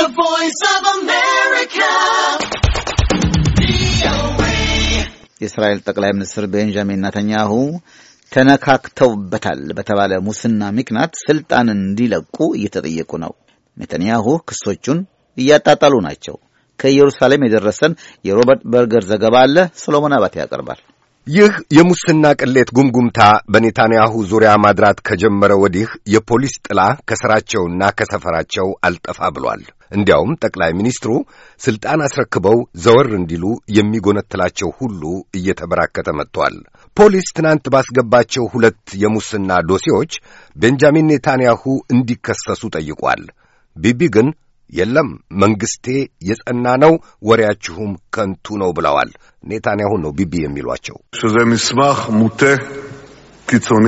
The Voice of America. የእስራኤል ጠቅላይ ሚኒስትር ቤንጃሚን ነተንያሁ ተነካክተውበታል በተባለ ሙስና ምክንያት ስልጣን እንዲለቁ እየተጠየቁ ነው። ኔተንያሁ ክሶቹን እያጣጣሉ ናቸው። ከኢየሩሳሌም የደረሰን የሮበርት በርገር ዘገባ አለ። ሰሎሞን አባቴ ያቀርባል። ይህ የሙስና ቅሌት ጉምጉምታ በኔታንያሁ ዙሪያ ማድራት ከጀመረ ወዲህ የፖሊስ ጥላ ከሥራቸውና ከሰፈራቸው አልጠፋ ብሏል። እንዲያውም ጠቅላይ ሚኒስትሩ ሥልጣን አስረክበው ዘወር እንዲሉ የሚጎነትላቸው ሁሉ እየተበራከተ መጥቷል። ፖሊስ ትናንት ባስገባቸው ሁለት የሙስና ዶሴዎች ቤንጃሚን ኔታንያሁ እንዲከሰሱ ጠይቋል። ቢቢ ግን የለም መንግስቴ የጸና ነው፣ ወሬያችሁም ከንቱ ነው ብለዋል። ኔታንያሁ ነው ቢቢ የሚሏቸው። ምስማህ ሙቴ ኪቶኔ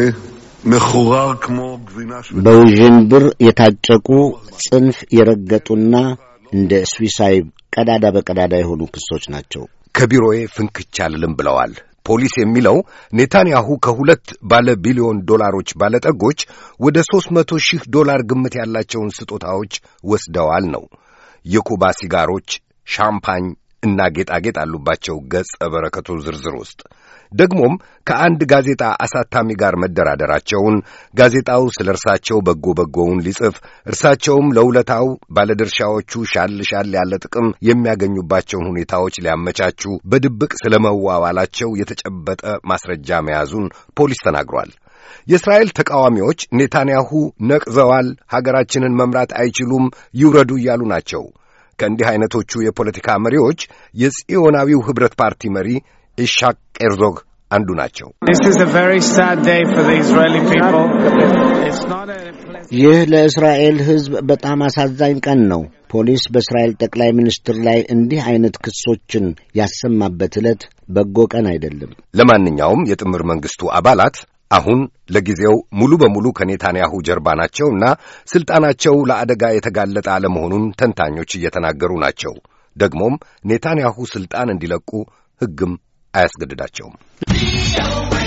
በውዥንብር የታጨቁ ጽንፍ የረገጡና እንደ ስዊሳይ ቀዳዳ በቀዳዳ የሆኑ ክሶች ናቸው። ከቢሮዬ ፍንክች አልልም ብለዋል ፖሊስ የሚለው ኔታንያሁ ከሁለት ባለ ቢሊዮን ዶላሮች ባለጠጎች ወደ ሦስት መቶ ሺህ ዶላር ግምት ያላቸውን ስጦታዎች ወስደዋል ነው። የኩባ ሲጋሮች፣ ሻምፓኝ እና ጌጣጌጥ አሉባቸው ገጸ በረከቱ ዝርዝር ውስጥ ደግሞም ከአንድ ጋዜጣ አሳታሚ ጋር መደራደራቸውን ጋዜጣው ስለ እርሳቸው በጎ በጎውን ሊጽፍ እርሳቸውም ለውለታው ባለድርሻዎቹ ሻል ሻል ያለ ጥቅም የሚያገኙባቸውን ሁኔታዎች ሊያመቻቹ በድብቅ ስለ መዋዋላቸው የተጨበጠ ማስረጃ መያዙን ፖሊስ ተናግሯል። የእስራኤል ተቃዋሚዎች ኔታንያሁ ነቅዘዋል፣ ሀገራችንን መምራት አይችሉም፣ ይውረዱ እያሉ ናቸው። ከእንዲህ አይነቶቹ የፖለቲካ መሪዎች የጽዮናዊው ኅብረት ፓርቲ መሪ ኢሻቅ ኤርዞግ አንዱ ናቸው። ይህ ለእስራኤል ሕዝብ በጣም አሳዛኝ ቀን ነው። ፖሊስ በእስራኤል ጠቅላይ ሚኒስትር ላይ እንዲህ አይነት ክሶችን ያሰማበት ዕለት በጎ ቀን አይደለም። ለማንኛውም የጥምር መንግሥቱ አባላት አሁን ለጊዜው ሙሉ በሙሉ ከኔታንያሁ ጀርባ ናቸውና ሥልጣናቸው ለአደጋ የተጋለጠ አለመሆኑን ተንታኞች እየተናገሩ ናቸው። ደግሞም ኔታንያሁ ሥልጣን እንዲለቁ ሕግም አያስገድዳቸውም።